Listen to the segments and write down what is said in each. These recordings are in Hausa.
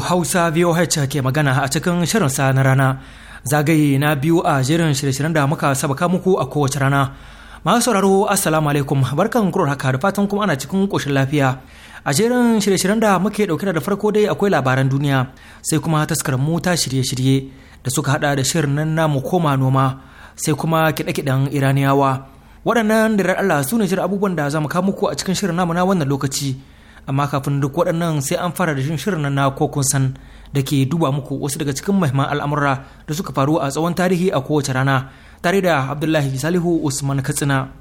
Hausa VOH ke magana a cikin shirin sa na rana. Zagaye na biyu a jerin shirye-shiryen da muka sabaka muku a kowace rana. Masu sauraro Assalamu alaikum barkan kuro haka da fatan kuma ana cikin koshin lafiya. A jerin shirye-shiryen da muke dauke da farko dai akwai labaran duniya sai kuma taskar mu ta shirye-shirye da suka hada da shirin nan namu koma noma sai kuma kiɗe-kiɗen Iraniyawa. Waɗannan da Allah su ne shirin abubuwan da za mu kawo muku a cikin shirin namu na wannan lokaci. amma kafin duk waɗannan sai an fara da shirin na ko kun san da ke duba muku wasu daga cikin mahimman al'amura da suka faru a tsawon tarihi a kowace rana tare da abdullahi salihu usman katsina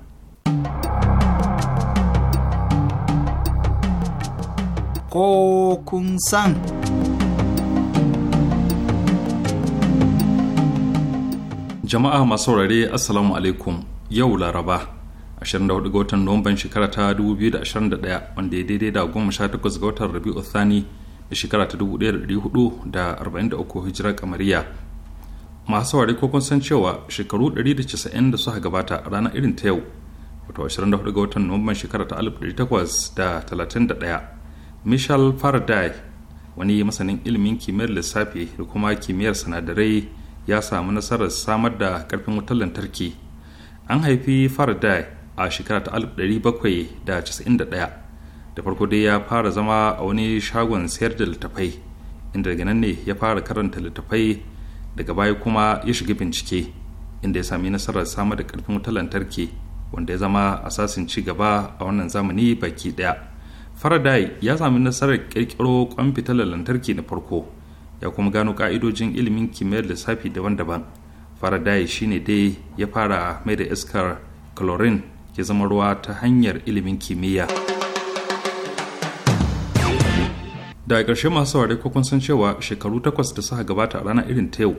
kokun san jama'a masu saurare assalamu alaikum yau laraba 24 ga watan nuwamban shekara ta 2021 wanda ya daidai da 18 ga watan rabi'u thani da shekara ta 1443 hijira kamariya masu saurari ko kun san cewa shekaru 190 da suka gabata a ranar irin ta yau wato 24 ga watan nuwamban shekara ta 1831 michel faraday wani masanin ilimin kimiyyar lissafi da kuma kimiyyar sinadarai ya samu nasarar samar da karfin wutar lantarki an haifi faraday a shekara ta 1791 da farko dai ya fara zama a wani shagon sayar da littafai inda daga nan ne ya fara karanta littafai daga baya kuma ya shiga bincike inda ya sami nasarar samar da karfin wutar lantarki wanda ya zama asasin ci gaba a wannan zamani baki daya faraday ya sami nasarar kirkiro kwan fitar lantarki na farko ya kuma gano ka'idojin ilimin kimiyyar lissafi daban-daban faraday shine dai ya fara mai da iskar chlorine ya zama ruwa ta hanyar ilimin kimiyya daga ƙarshe masu saurare ko kun san cewa shekaru takwas da suka gabata a ranar irin ta yau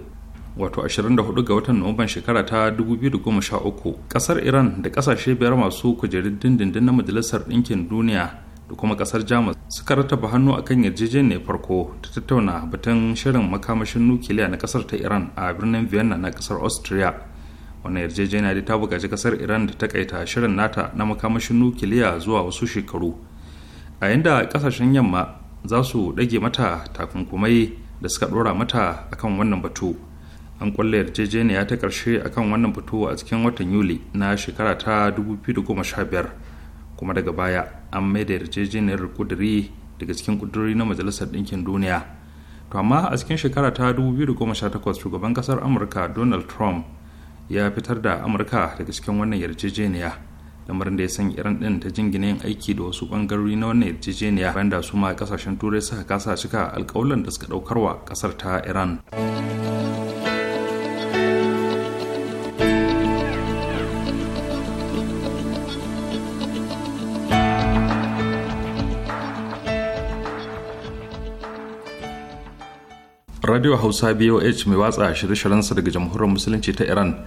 wato 24 ga watan nuwamban shekara ta 2013 ƙasar iran da ƙasashe biyar masu kujerun dindindin na majalisar ɗinkin duniya da kuma ƙasar jamus suka rattaba hannu akan yarjejeniyar farko ta tattauna batun shirin makamashin nukiliya na ƙasar ta iran a birnin vienna na ƙasar austria wannan yarjejeniya da ta bukaci kasar iran da ta kaita shirin nata na makamashin nukiliya zuwa wasu shekaru a yadda kasashen yamma za su ɗage mata takunkumai da suka ɗora mata akan wannan batu an kulle yarjejeniya ta ƙarshe akan wannan batu a cikin watan yuli na shekara ta 2015 kuma daga baya an mai da yarjejeniyar kuduri daga cikin kuduri na majalisar ɗinkin duniya to amma a cikin shekara ta 2018 shugaban kasar amurka donald trump ya fitar da amurka daga cikin wannan yarjejeniya lamarin da ya san iran din ta jingine yin aiki da wasu bangarori na wannan yarjejeniya bayan da su ma kasashen turai suka kasa cika alkawalan da suka wa kasar ta iran radio hausa boh mai watsa shirye-shiryensa daga jamhuriyar musulunci ta iran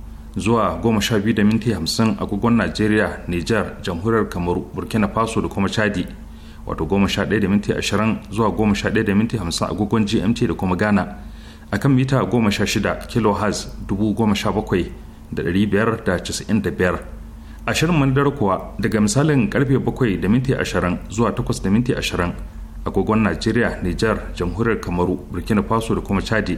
zuwa goma sha biyu da minti agogon najeriya niger jamhuriyar kamaru burkina faso da kuma chadi wato goma sha ɗaya da minti zuwa goma sha ɗaya agogon gmt da kuma ghana a kan mita goma sha shida A dubu goma sha bakwai da biyar da biyar ashirin kuwa daga misalin karfe bakwai da minti ashirin zuwa takwas da minti ashirin agogon najeriya niger jamhuriyar kamaru burkina faso da kuma chadi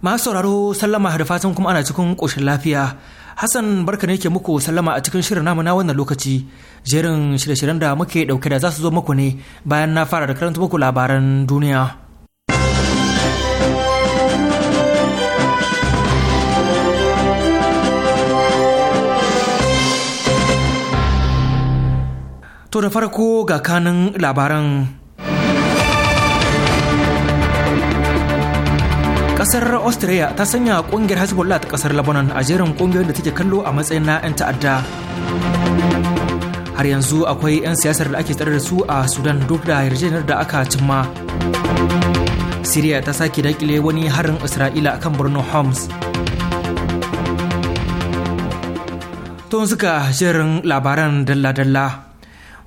masu sauraro sallama da fatan kuma ana cikin ƙoshin lafiya hassan barka ne ke muku sallama a cikin shirin namu na wannan lokaci jerin shirye-shiryen da muke ɗauke da za su zo muku ne bayan na fara da karanta muku labaran duniya to da farko ga kanin labaran kasar austria ta sanya kungiyar hezbollah ta kasar lebanon a jerin kungiyar da take kallo a matsayin na 'yan ta'adda har yanzu akwai 'yan siyasar da ake tsare da su a sudan duk da yarjejeniyar da aka cimma syria ta sake dakile wani harin isra'ila akan birnin homs tun suka jerin labaran dalla-dalla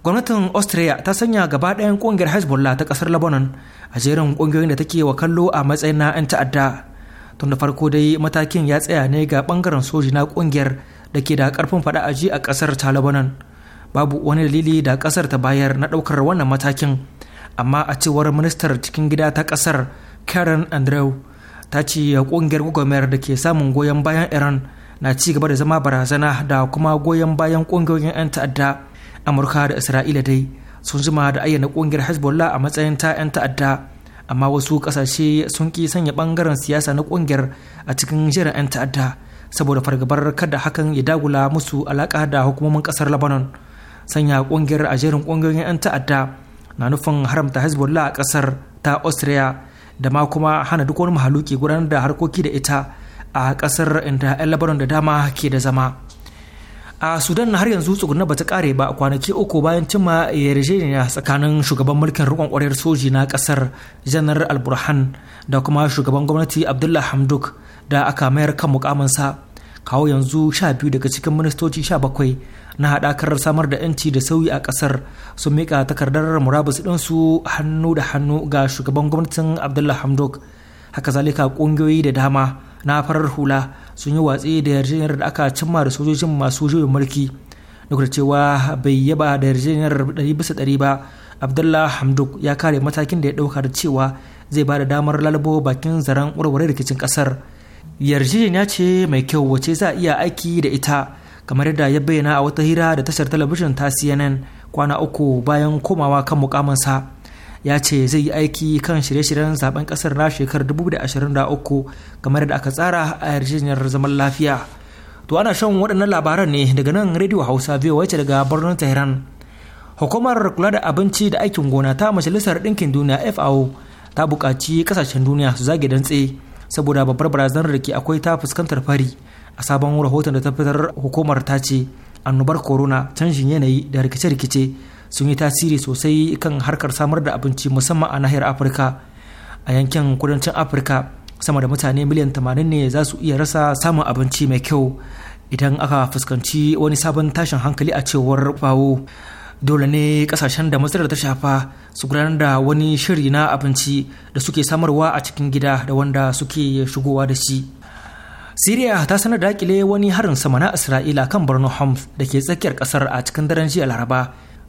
gwamnatin austria ta sanya gaba ɗayan ƙungiyar hezbollah ta ƙasar lebanon a jerin ƙungiyoyin da take wa kallo a matsayin na 'yan ta'adda tun da farko dai matakin ya tsaya ne ga ɓangaren soji na ƙungiyar da ke da ƙarfin faɗa aji a ƙasar ta lebanon babu wani dalili da ƙasar ta bayar na ɗaukar wannan matakin amma a cewar ministar cikin gida ta ƙasar karen andrew ta ce ƙungiyar gwagwarmayar da ke samun goyon bayan iran na ci gaba da zama barazana da kuma goyon bayan ƙungiyoyin 'yan ta'adda amurka da isra'ila dai sun zuma da ayyana kungiyar hezbollah a matsayin ta 'yan ta'adda amma wasu kasashe sun ki sanya bangaren siyasa na kungiyar a cikin jiran 'yan ta'adda saboda fargabar kada hakan ya dagula musu alaka da hukumomin kasar lebanon sanya kungiyar a jerin kungiyoyin 'yan ta'adda na nufin haramta hezbollah a kasar ta austria da ma kuma hana duk wani mahaluki gudanar da harkoki da ita a kasar inda 'yan lebanon da dama ke da zama a sudan har yanzu tsuguna bata kare ba kwanaki uku bayan cimma yarjejeniya tsakanin shugaban mulkin rukun kwarar soji na kasar janar alburhan da kuma shugaban gwamnati abdullah hamduk da aka mayar kan mukaminsa kawo yanzu sha biyu daga cikin ministoci sha bakwai na haɗakar samar da 'yanci da sauyi a ƙasar sun miƙa takardar murabus ɗinsu hannu da hannu ga shugaban gwamnatin abdullah hamduk haka zalika ƙungiyoyi da dama na farar hula sun yi watsi da yarjejeniyar da aka cimma da sojojin masu juyin mulki duk da cewa bai yaba da yarjejeniyar ɗari bisa ɗari ba abdullah hamduk ya kare matakin da ya ɗauka da cewa zai ba da damar lalabo bakin zaren warware rikicin ƙasar yarjejeniya ce mai kyau wace za a iya aiki da ita kamar yadda ya bayyana a wata hira da tashar talabijin ta cnn kwana uku bayan komawa kan mukaminsa ya ce zai yi aiki kan shirye-shiryen zaben kasar na shekarar 2023 kamar da aka tsara a yarjejeniyar zaman lafiya to ana shan waɗannan labaran ne daga nan rediyo hausa biyu wacce daga birnin tehran hukumar kula da abinci da aikin gona ta majalisar ɗinkin duniya fao ta buƙaci ƙasashen duniya su zage dantse saboda babbar barazanar da ke akwai ta fuskantar fari a sabon rahoton da ta fitar hukumar ta ce annobar corona canjin yanayi da rikice-rikice sun yi tasiri sosai kan harkar samar da abinci musamman a nahiyar afirka a yankin kudancin afirka sama da mutane miliyan 80 ne za su iya rasa samun abinci mai kyau idan aka fuskanci wani sabon tashin hankali a cewar bawo dole ne kasashen da matsalar ta shafa su gudanar da wani shiri na abinci da suke samarwa a cikin gida da wanda suke shigowa da shi siriya ta sanar da wani harin sama na isra'ila kan birnin homs da ke tsakiyar kasar a cikin daren jiya laraba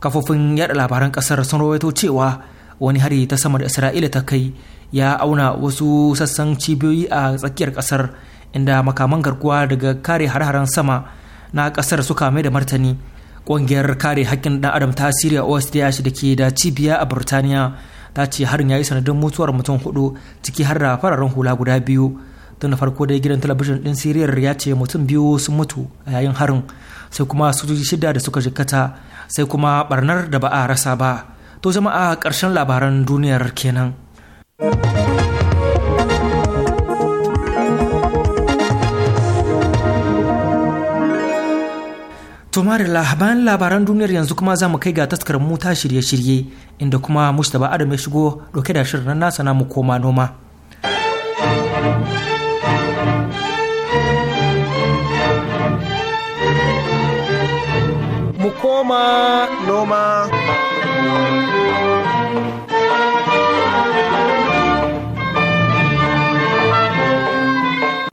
kafofin yada labaran kasar sun rawaito cewa wani hari ta sama da isra'ila ta kai ya auna wasu sassan cibiyoyi a tsakiyar kasar inda makaman garkuwa daga kare har-haren sama na kasar suka mai da martani ƙungiyar kare haƙƙin ɗan adam ta siriya osdh da ke da cibiya a burtaniya ta ce harin ya yi sanadin mutuwar mutum hudu ciki har da fararen hula guda biyu tun da farko dai gidan talabijin ɗin siriyar ya ce mutum biyu sun mutu a yayin harin sai kuma sojoji shida da suka jikkata sai kuma barnar da ba a rasa ba to jama'a ƙarshen labaran duniyar kenan. Tomarila bayan labaran duniyar yanzu kuma za mu kai ga taskar mu ta shirye-shirye inda kuma Mustapha Adam ya shigo ɗauke da shirin nasa mu koma noma. noma noma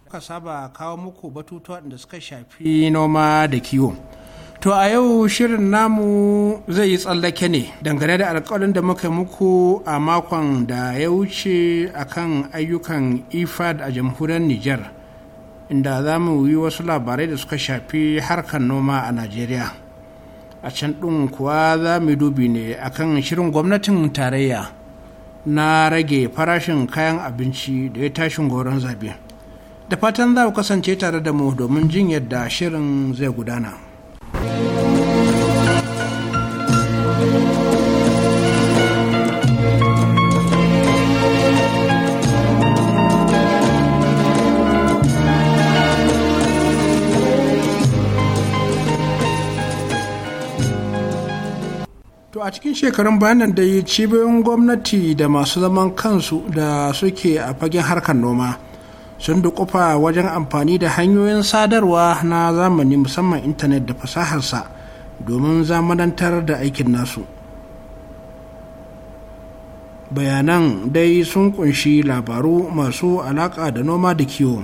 kuka saba kawo muku batutuwa da suka shafi noma da kiwo To a yau shirin namu zai yi tsallake ne dangane da alkalin da muka muku a makon da ya wuce akan ayyukan ifad a jamhuriyar niger inda za mu yi wasu labarai da suka shafi harkar noma a Najeriya. a can ɗin kuwa za mu dubi ne akan shirin gwamnatin tarayya na rage farashin kayan abinci da ya tashin goron zabe da fatan za ku kasance tare da mu domin jin yadda shirin zai gudana. a cikin shekarun bayanan da yi cibiyoyin gwamnati da masu zaman kansu da suke a fagen harkar noma sun dukufa wajen amfani da hanyoyin sadarwa na zamani musamman intanet da fasaharsa domin zamanantar da aikin nasu bayanan dai sun kunshi labaru masu alaka da noma da kiwo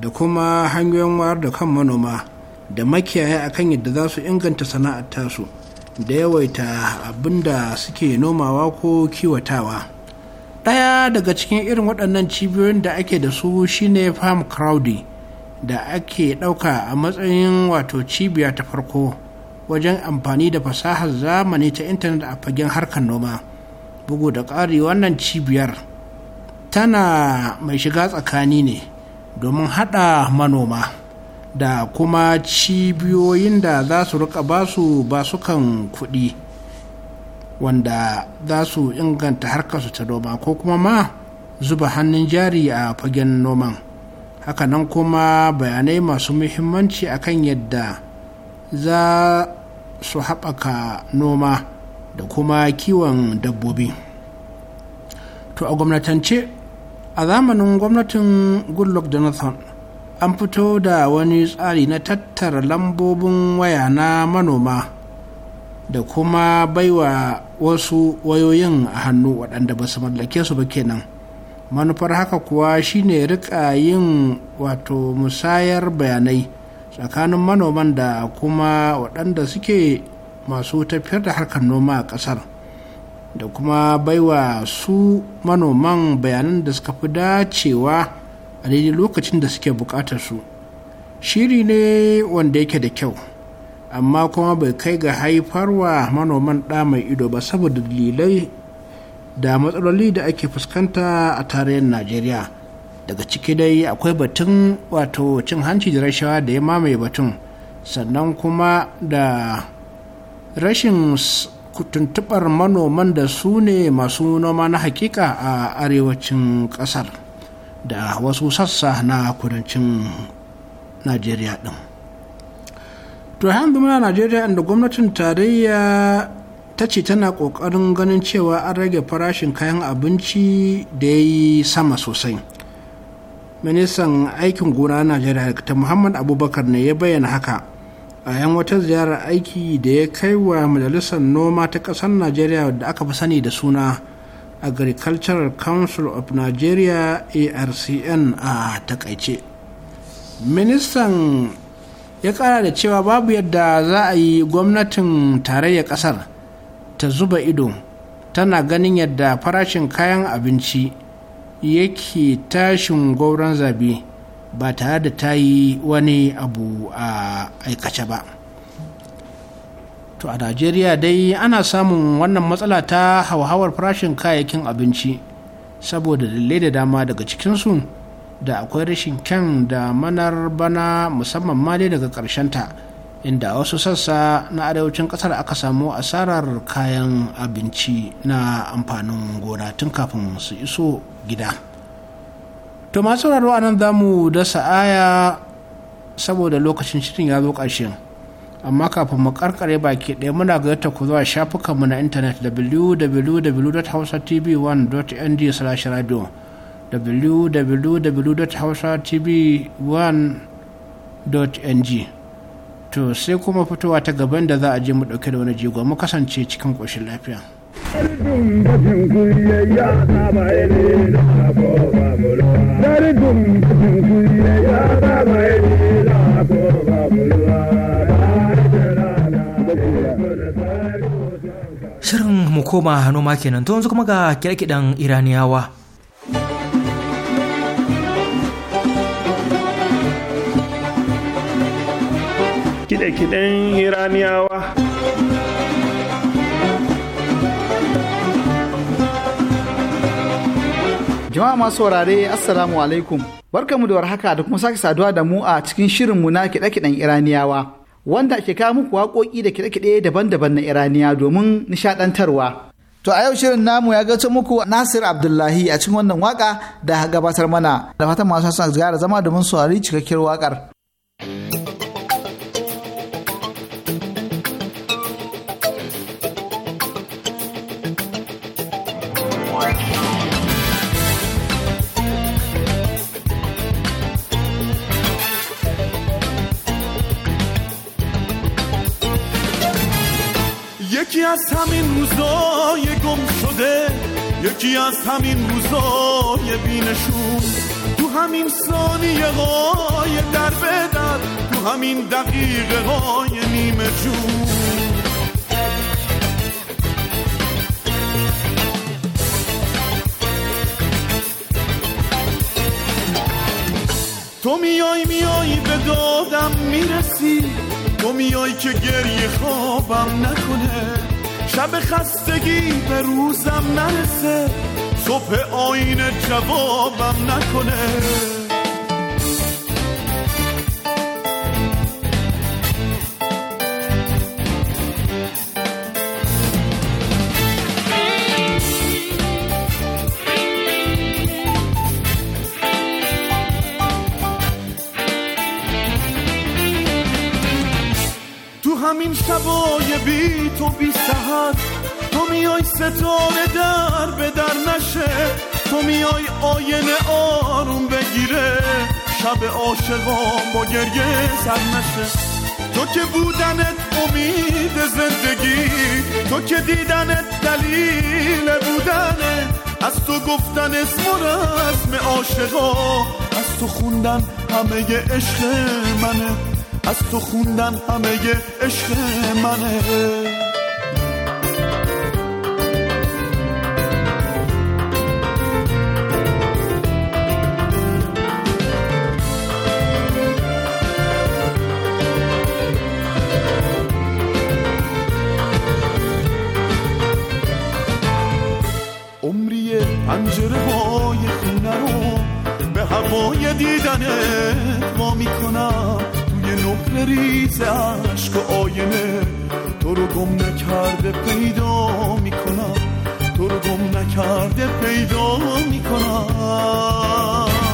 da kuma hanyoyin wayar da kan manoma da makiyaya akan yadda za su inganta sana'ar tasu da yawaita abin da suke nomawa ko kiwatawa ɗaya daga cikin irin waɗannan cibiyoyin da ake da su shine farm crowdy da ake ɗauka a matsayin wato cibiya ta farko wajen amfani da fasahar zamani ta intanet a fagen harkar noma bugu da ƙari wannan cibiyar tana mai shiga tsakani ne domin haɗa manoma. da kuma cibiyoyin da za su rika su basukan kuɗi wanda za su inganta harkarsu ta noma ko kuma ma zuba hannun jari a fagen noman hakanan kuma bayanai masu muhimmanci a kan yadda za su haɓaka noma da kuma kiwon dabbobi to a gwamnatance a zamanin gwamnatin goodluck jonathan an fito da wani tsari na tattara lambobin waya na manoma da kuma baiwa wasu wayoyin a hannu waɗanda ba su mallake su ba kenan manufar haka kuwa shine rika yin wato musayar bayanai tsakanin manoman da kuma waɗanda suke masu tafiyar da harkar noma a ƙasar da kuma baiwa su manoman bayanan da suka fi dacewa a daidai lokacin da suke buƙatar su shiri ne wanda yake da kyau amma kuma bai kai ga haifarwa manoman ɗa mai ido ba saboda dalilai da matsaloli da ake fuskanta a tarayyar najeriya daga ciki dai akwai batun wato cin hanci da rashawa da ya mamaye batun sannan kuma da rashin tuntubar manoman da su ne masu noma na hakika a arewacin ƙasar. da wasu sassa na kudancin najeriya din to yanzu muna najeriya inda gwamnatin tarayya ta ce tana kokarin ganin cewa an rage farashin kayan abinci da ya yi sama sosai ministan aikin gona na najeriya ta muhammad abubakar ne ya bayyana haka a yan wata ziyarar aiki da ya kai wa majalisar noma ta ƙasar najeriya da aka fi sani da suna agricultural council of nigeria arcn a takaice ministan ya kara da cewa babu yadda za a yi gwamnatin tarayyar kasar ta zuba ido tana ganin yadda farashin kayan abinci yake tashin gwauron zabe ba tare da ta yi wani abu a aikace ba. to a najeriya dai ana samun wannan matsala ta hauhawar farashin kayayyakin abinci saboda dalilai da dama daga cikinsu da akwai rashin kyan da manar bana musamman ma dai daga ta, inda wasu sassa na arewacin ƙasar aka samu asarar kayan abinci na amfanin gona tun kafin su iso gida to masu sauraro nan za mu dasa aya saboda lokacin shirin ya zo ƙarshen amma kafin mu karkare baki ɗaya muna gayyata ku zuwa shafukanmu na intanet www.hausatv1.ng radio www.hausatv1.ng to sai kuma fitowa ta gaban da za a je mu ɗauke da wani jigo mu kasance cikin ƙoshin lafiya. Daridun bafin kuliyayya ta bayan na ba koma noma kenan to yanzu kuma ga kirkidan iraniyawa kiɗe-kiɗen iraniyawa jama'a masu warare assalamu alaikum barkamu da warhaka da kuma sake saduwa da mu a cikin shirinmu na kiɗe-kiɗen iraniyawa wanda ke kawo muku waƙoƙi da kiɗe-kiɗe daban-daban na iraniya domin nishaɗantarwa to a yau shirin namu ya gaci muku nasir abdullahi a cikin wannan waƙa da gabatar mana da fatan masu sa zama domin saurari cikakkiyar waƙar. از همین روزای گم شده یکی از همین روزای بینشون تو همین ثانیه های در بدر تو همین دقیقه های نیمه جون تو میای میای به دادم میرسی تو میای که گریه خوابم نکنه شب خستگی به روزم نرسه صبح آینه جوابم نکنه تو همین شبای بی تو بی میخوای ستاره در به در نشه تو میای آینه آروم بگیره شب عاشقام با گریه سر نشه تو که بودنت امید زندگی تو که دیدنت دلیل بودنه از تو گفتن اسم و رسم عاشقا از تو خوندن همه عشق منه از تو خوندن همه عشق منه دیدنه ما میکنم توی نقل ریز عشق و آینه تو رو گم نکرده پیدا میکنم تو رو گم نکرده پیدا میکنم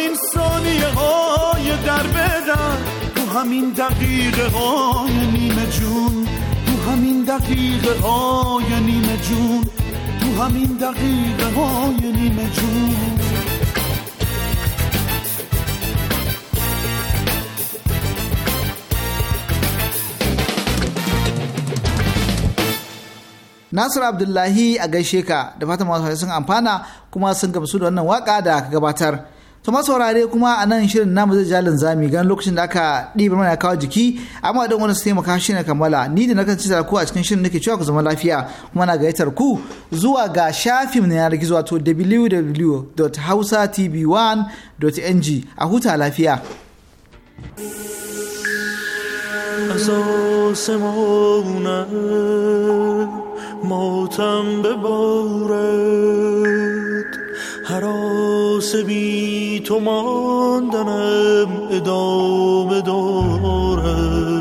همین ثانیه های در بدن تو همین دقیقه های نیمه جون تو همین دقیقه های نیمه جون تو همین دقیقه های نیمه جون Nasir Abdullahi a gaishe ka da fatan masu sun amfana kuma sun gamsu da wannan waka da ka gabatar. to ma saurare kuma a nan shirin namu zai jalin zami gan lokacin da aka ɗiba mana kawo jiki amma don wani su taimaka shi na kammala ni da nakan ci ku a cikin shirin nake cewa ku zama lafiya kuma na gayyatar ku zuwa ga shafin na yanar gizo wato www.hausatv1.ng a huta lafiya. موتم به بارت حراس بی تو ماندنم ادامه دارم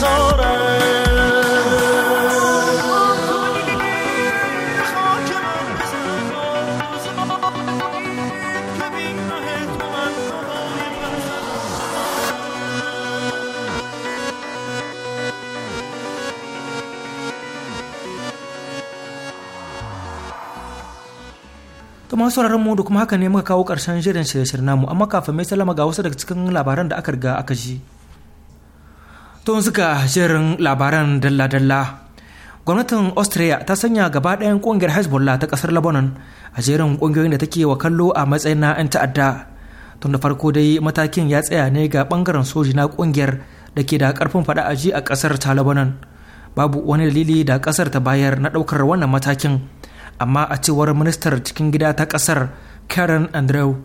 las sauraron mu da kuma haka ne muka kawo ƙarshen shirin shirye-shiryen namu amma kafin mai salama ga wasu daga cikin labaran da aka riga aka ji. tun suka shirin labaran dalla-dalla gwamnatin austria ta sanya gaba ɗayan ƙungiyar hezbollah ta ƙasar lebanon a jerin ƙungiyoyin da take wa kallo a matsayin na 'yan ta'adda tun da farko dai matakin ya tsaya ne ga ɓangaren soji na ƙungiyar da ke da ƙarfin faɗa a ji a ƙasar ta lebanon babu wani dalili da ƙasar ta bayar na ɗaukar wannan matakin amma a cewar ministar cikin gida ta ƙasar karen andrew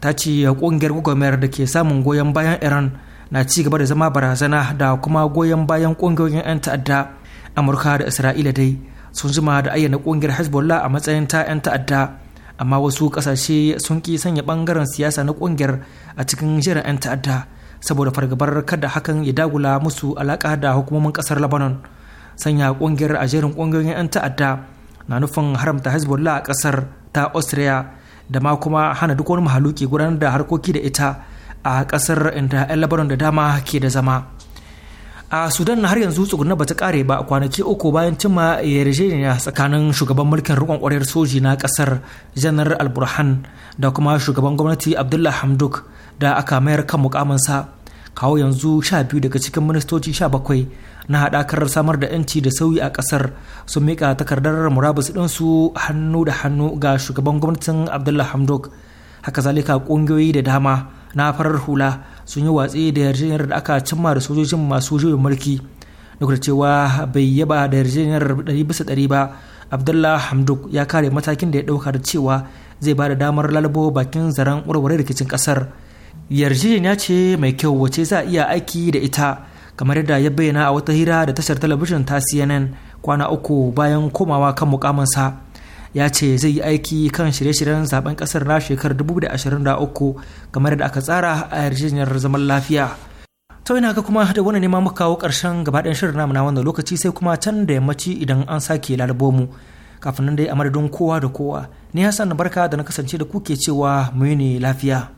ta ce ƙungiyar gwagwarmayar da ke samun goyon bayan iran na ci gaba da zama barazana da kuma goyon bayan ƙungiyoyin 'yan ta'adda amurka da isra'ila dai sun zuma da ayyana ƙungiyar hezbollah a matsayin ta 'yan ta'adda amma wasu kasashe sun ki sanya ɓangaren siyasa na ƙungiyar a cikin jiran 'yan ta'adda saboda fargabar kada hakan ya dagula musu alaƙa da hukumomin ƙasar lebanon sanya ƙungiyar a jerin ƙungiyoyin 'yan ta'adda na nufin haramta hezbollah a ƙasar ta austria da ma kuma hana duk wani mahaluki gudanar da harkoki da ita a ƙasar inda 'yan labaran da dama ke da zama a sudan har yanzu tsuguna bata kare ba kwanaki uku bayan cimma yarjejeniya tsakanin shugaban mulkin rikon kwarar soji na kasar janar alburhan da kuma shugaban gwamnati abdullah hamduk da aka mayar kan mukaminsa kawo yanzu sha biyu daga cikin ministoci sha bakwai na haɗakar samar da 'yanci da sauyi a ƙasar sun miƙa takardar murabus ɗinsu hannu da hannu ga shugaban gwamnatin abdullah hamduk haka zalika ƙungiyoyi da dama na farar hula sun yi watsi da yarjejeniyar da aka cimma da sojojin masu juyin mulki duk da cewa bai yaba da yarjejeniyar ɗari bisa ɗari ba abdullah hamduk ya kare matakin da ya ɗauka da cewa zai ba da damar lalabo bakin zaren warware rikicin ƙasar yarjejeniya ce mai kyau wace za a iya aiki da ita kamar yadda ya bayyana a wata hira da tashar talabijin ta cnn kwana uku bayan komawa kan mukaminsa ya ce zai yi aiki kan shirye-shiryen zaben kasar na shekarar 2023 kamar da aka tsara a yarjejeniyar zaman lafiya to ina ga kuma da wani nema mu kawo karshen gabaɗayan shirin namu na wannan lokaci sai kuma can da yammaci idan an sake lalubo mu kafin nan dai a madadin kowa da kowa ni hassan barka da na kasance da kuke cewa mu ne lafiya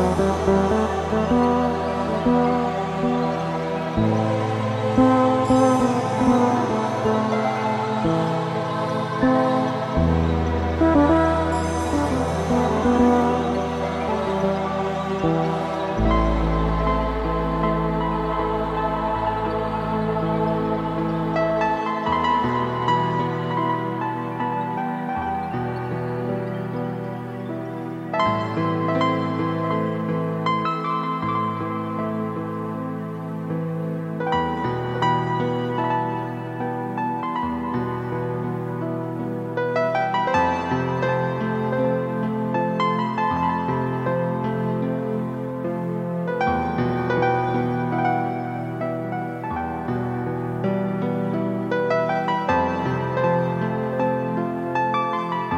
Thank you.